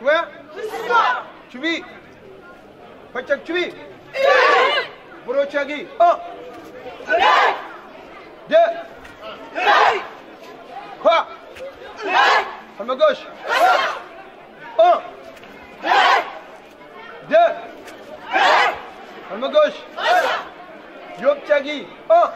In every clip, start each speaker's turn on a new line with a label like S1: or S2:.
S1: Quoi Chubi Pachak Chubi Borochagi Oh Deux Trois À ma gauche Un Deux À ma gauche Yop Chagi Un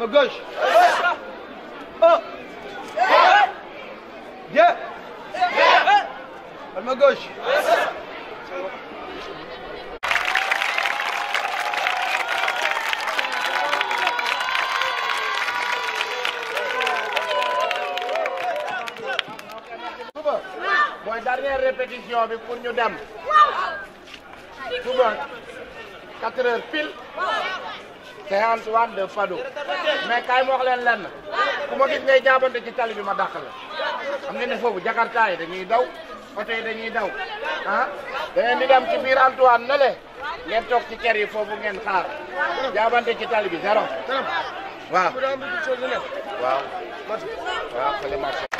S1: me gauche. Oh. Yeah. Bien. Palme gauche.
S2: mooy dernière répétition bi pour ñu dem.
S3: suba 4 heures pile.
S2: c'est Antoine de Fado mais kaay ma wax leen lenn ku ma gis ngay jaabante ci tali bi ma dàq la xam ngeen ne foofu jakarta yi dañuy daw oto dañuy daw
S3: ah da ngeen di dem
S2: ci biir Antoine na le ngeen toog ci kër yi foofu ngeen xaar jaabante ci tali bi waa waaw waaw waaw